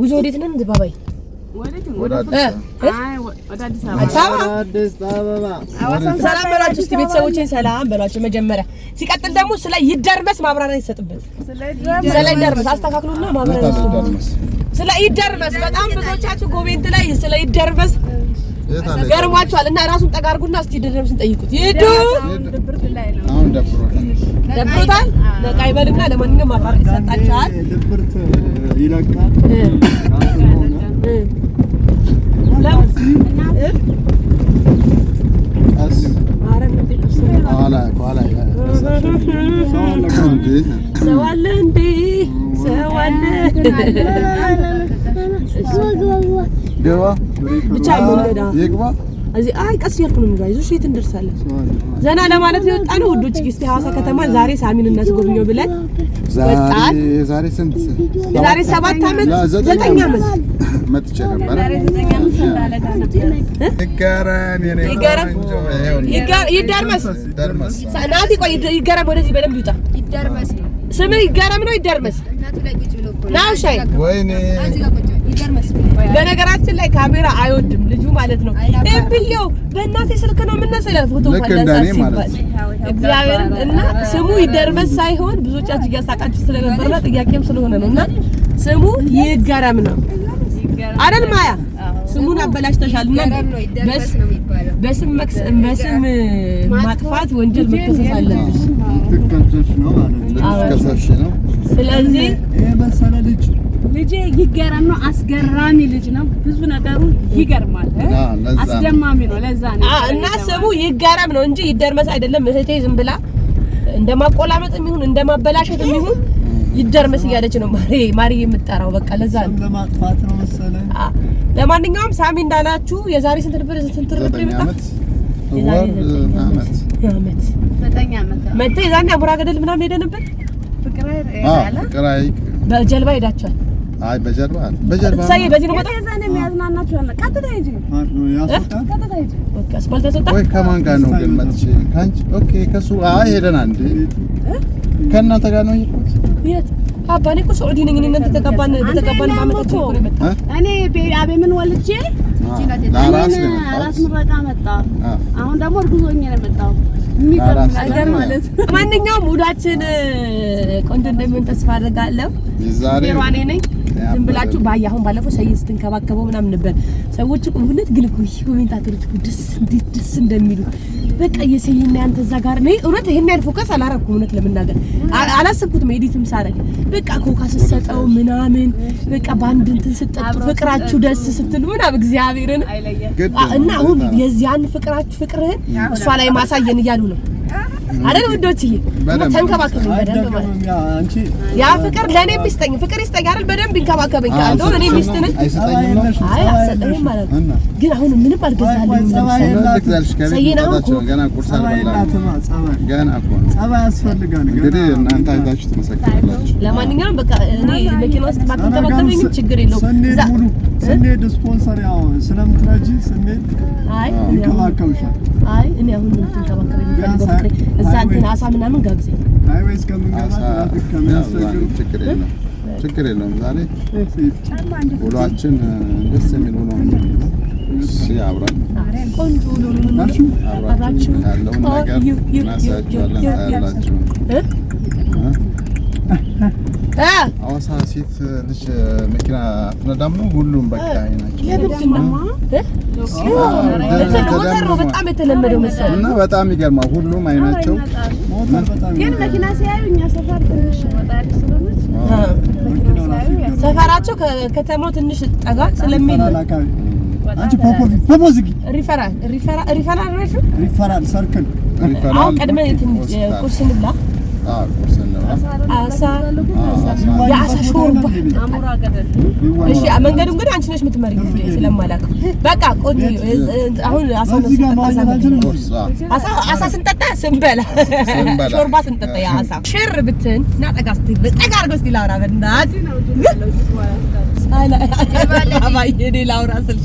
ጉዞ ወዴት ነን? ባባይ አዲስ አበባ ሰላም በሏቸው። እስኪ ቤተሰቦቼን ሰላም በሏቸው መጀመሪያ ሲቀጥል ደግሞ ስለ ይደርመስ ማብራሪያ ይሰጥበት። ስለ ይደርመስ አስተካክሉና ማብራሪያ ይሰጥበት። ስለ ይደርመስ በጣም ብዙዎቻችሁ ኮሜንት ላይ ስለ ይደርመስ ገርሟችኋል እና ራሱን ጠጋርጉና እስቲ ይደርመስን ጠይቁት። ይዱ ደብሮታል በቃ ይበልና ለማንኛውም ማብራሪያ ይሰጣችኋል። ድብርት ይለቃል ኋላ ሰው አለ እንዴ? ሰው አለ ግባ እዚህ አይ ቀስ እያልኩ ነው የሚለው። አይዞሽ የት እንደርሳለን። ዘና ለማለት ነው የወጣነው ውዶች። እስቲ ሀዋሳ ከተማ ዛሬ ሳሚን እናስጎብኘው ብለን ወጣን። ዛሬ ስንት ዛሬ ሰባት አመት ዘጠኝ አመት መጥቼ ነበር። ይገረም ናቲ ቆይ ይገረም ወደዚህ በደንብ ይውጣ። ስምህ ይገረም ነው ይደርመስ ናውሻይ ወይኔ በነገራችን ላይ ካሜራ አይወድም ልጁ ማለት ነው። እምብየው በእናቴ ስልክ ነው የምነሳው ፎቶ ካላሳስ ሲባል እግዚአብሔርን እና ስሙ ይደርመስ ሳይሆን ብዙዎቻችሁ እያሳቃችሁ ስለነበርና ጥያቄም ስለሆነ ነው እና ስሙ ይገረም ነው አይደል ማያ ስሙን አበላሽተሻል እና በስም በስም ማጥፋት ወንጀል መከሰስ አለብሽ። ስለዚህ ልጄ ይገረም ነው። አስገራሚ ልጅ ነው። ብዙ ነገሩ ይገርማል፣ አስደማሚ ነው። ለዛ ነው እና ስሙ ይገረም ነው እንጂ ይደርመስ አይደለም። እህቴ ዝም ብላ እንደማቆላመጥ የሚሆን እንደማበላሸት የሚሆን ይደርመስ እያለች ነው ማሪ ማሪ የምጠራው በቃ ለዛ ነው ለማጥፋት ነው መሰለኝ። ለማንኛውም ሳሚ እንዳላችሁ የዛሬ ስንት ነበር? ስንት ነበር? ይመጣ መታ የዛኔ አቡራ ገደል ምናምን ሄደ ነበር። ፍቅር በጀልባ ሄዳችኋል አይ በጀርባ አለ በጀርባ ሳይ በዚህ ነው መጣ የዛኔ የሚያዝናናችሁ ያለ ቀጥታ ሂጂ ወይ ከማን ጋር ነው ግን መጥቼ ካንቺ ኦኬ ከሱ አይ ሄደና እንዴ ከእናንተ ጋር ነው የሄድኩት የት አባ እኔ እኮ ሰዑዲ ነኝ እናንተ ተቀባን በተቀባን ባመጣችሁ ነው የመጣ እኔ አቤ ምን ወልጄ አራስ ምረቃ መጣ አሁን ደግሞ እርጉዝ ሆኜ ነው የመጣው የሚገርም ነገር ማለት ማንኛውም ሙዳችን ቆንጆ እንደሚሆን ተስፋ አድርጋለሁ ዛሬ ነኝ ዝም ብላችሁ ባይ አሁን ባለፈው ሰይን ስትንከባከበው ምናምን ነበር። ሰዎች እኮ እውነት ግን እኮ ይሄ ኮሜንታተሮች ደስ እንዴት ደስ እንደሚሉ በቃ የሰይና ያንተ እዛ ጋር ነው እውነት። ይሄን ያህል ፎከስ አላረኩም እውነት ለምናገር አላሰብኩትም። ኤዲትም ሳረግ በቃ ኮካ ስትሰጠው ምናምን በቃ በአንድ እንትን ስትጠጡ ፍቅራችሁ ደስ ስትሉ ምናምን እግዚአብሔርን እና አሁን የዚያን ፍቅራችሁ ፍቅርህን እሷ ላይ ማሳየን እያሉ ነው አይደል ውዶችዬ፣ ተንከባከበኝ በደንብ ማለት ያ ፍቅር ለእኔ የሚስጠኝ ፍቅር ይስጠኝ አይደል? በደንብ ይንከባከበኝ። ከአንተ እኔ ሚስት አይ አትሰጠኝም ማለት ነው። ግን አሁን ምንም አልገዛልኝም። ለማንኛውም በቃ እኔ መኪና ውስጥ ባትንከባከበኝ ችግር የለውም። ስንሄድ ስፖንሰር ያው ስለምትረጂ ስንሄድ አሳ ምናምን ጋብዜ ሃይዌይስ ከምንገባ ችግር የለውም። ዛሬ ውሏችን ደስ የሚል ውሎ አብረን ቆንጆ ውሎ ነው ያለውን ነገር እናሳያችኋለን ታያላችሁ። ሰላሳ ሴት ልጅ መኪና ፍነዳም ነው። ሁሉም በቃ አይናቸው በጣም የተለመደው መሰለኝ እና በጣም ይገርማል። ሁሉም አይናቸው ግን መኪና ሲያዩ እኛ ሰፈር ትንሽ ሰፈራቸው ከተማው ትንሽ ጠጋ ስለሚል አንቺ ፖፖ ዝጊ ሪፈራል ሪፈራል ሪፈራል ሰርክል አሁን ቀድመን ቁርስ እንብላ የአሳ ሾርባ። እሺ መንገዱን ግን አንቺ ነሽ የምትመሪው ስለማላውቅ በቃ አሁን አሳ ስንጠጣ ስንበላ ሾርባ ስንጠጣ የአሳ ሽር ብትን እና ጠጋ ስትይ ጠጋ አድርገው እስኪ ላውራ በእናትህ ላውራ ስልሽ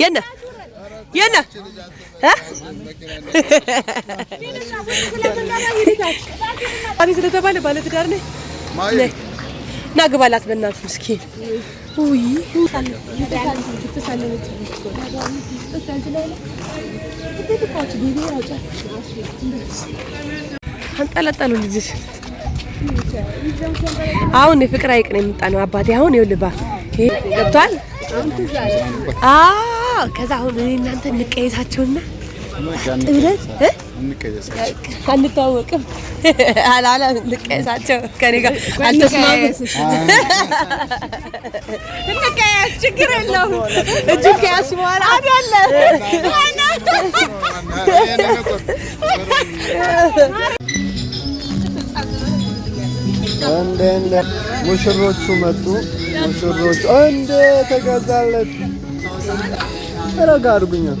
የነ የነ አቤት ስለተባለ ባለ ትዳር ነኝ ና ግባላት በእናትህ ምስኪን ውይ አንጠለጠሉ ልጅሽ አሁን የፍቅር ሀይቅ ነው የምጣ ነው አባቴ አሁን ይኸውልህ ባ ገብቷል ከዛ አሁን እናንተ እንቀየሳቸውና አንታወቅም አላላ እንቀየሳቸው ከኔ ጋር አልተስማሙ። እንቀየስ ችግር የለውም። እጁ ከያስ በኋላ አዳለ እንደ እንደ ሙሽሮቹ መጡ። ሙሽሮቹ እንደ ተገዛለት ረጋ አድርጉኛል።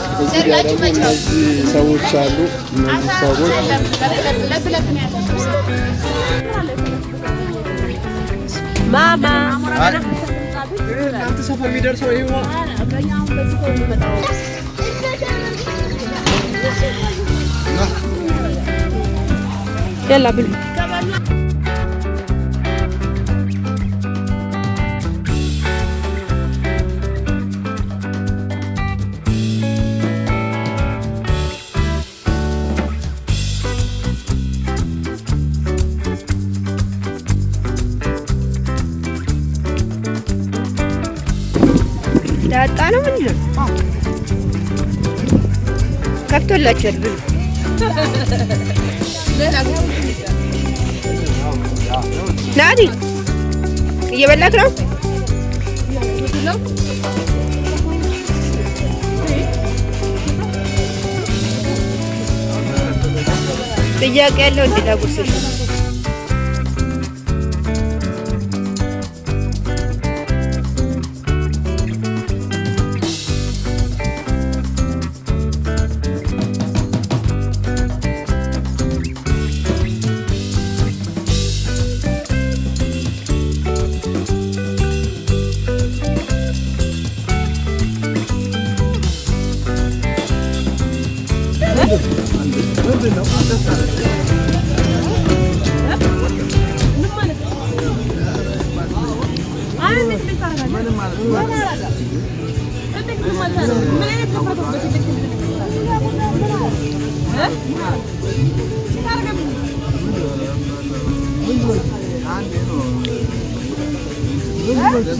እዚህ ጋር ደግሞ እነዚህ ሰዎች አሉ። እነዚህ ሰዎች ማማ እናንተ ሰፈር የሚደርሰው ይሄ የላ ብሉ ይዤላችኋል ብሉ። ናቲ እየበላክ ነው። ጥያቄ ያለው እንዴት አጉርስሽ Ne Buraya baktım.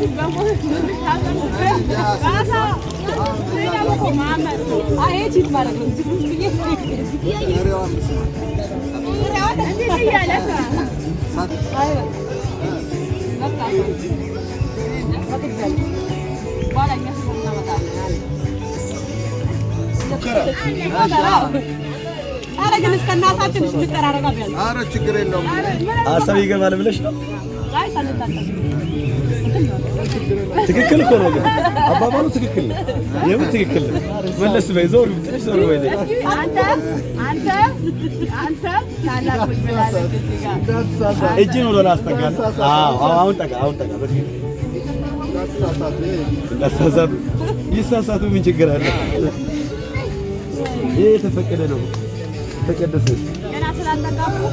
አረግ እስከ እናታችን ምጠራረጋ ቢያለ አረ ችግር የለውም አሰብ ይገባል ብለሽ ነው ትክክል እኮ ነው አባባሉ፣ ትክክል ነው። የምን ትክክል ነው? መለስ በይ፣ ዞር ብትልሽ ዞር በይ። አንተ አንተ አንተ ነው አስጠጋ። ይሳሳቱ፣ ምን ችግር አለ? ይሄ የተፈቀደ ነው። ተቀደሰ ገና ስላልጠጋሁ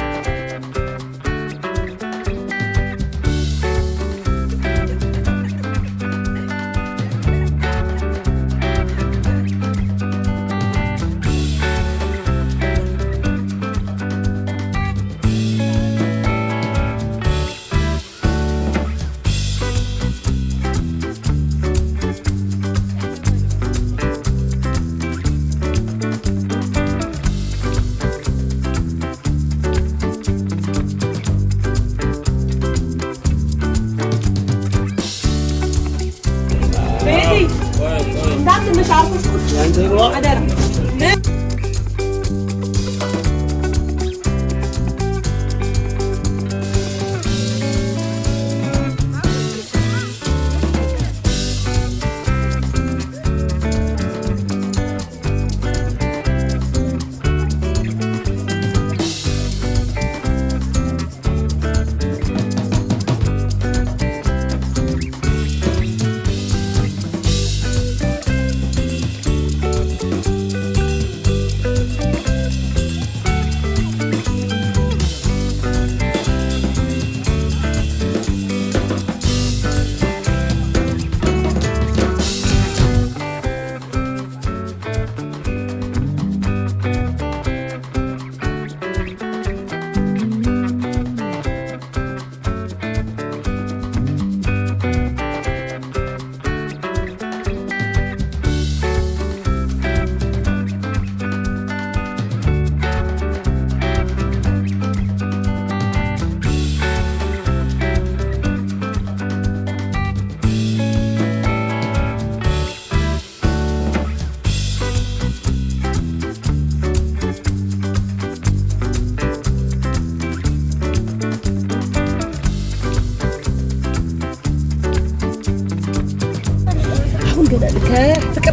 ከፍቅር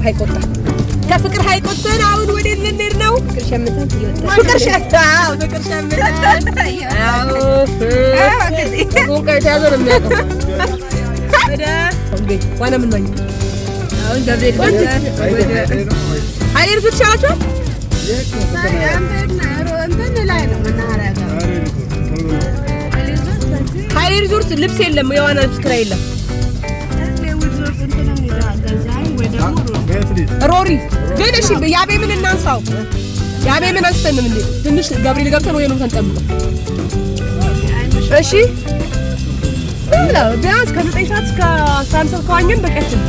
ሐይቅ ከፍቅር ሐይቅ አሁን ወዴት ልንሄድ ነው? ፍቅር ሸምተን እየወጣን ፍቅር ሸምተን ፍቅር ሸምተን ልብስ የለም፣ የዋና ልብስ ክራይ የለም። ሮሪ ግን እሺ፣ ያቤምን እናንሳው። ያቤምን አንስተንም እንዴ ትንሽ ገብርኤል ገብተን ወይ ነው ተንጠብቀው። እሺ ቢያንስ ከዘጠኝ ሰዓት እስከ አስራ አንድ ሰዓት ከዋኘን በቃችን።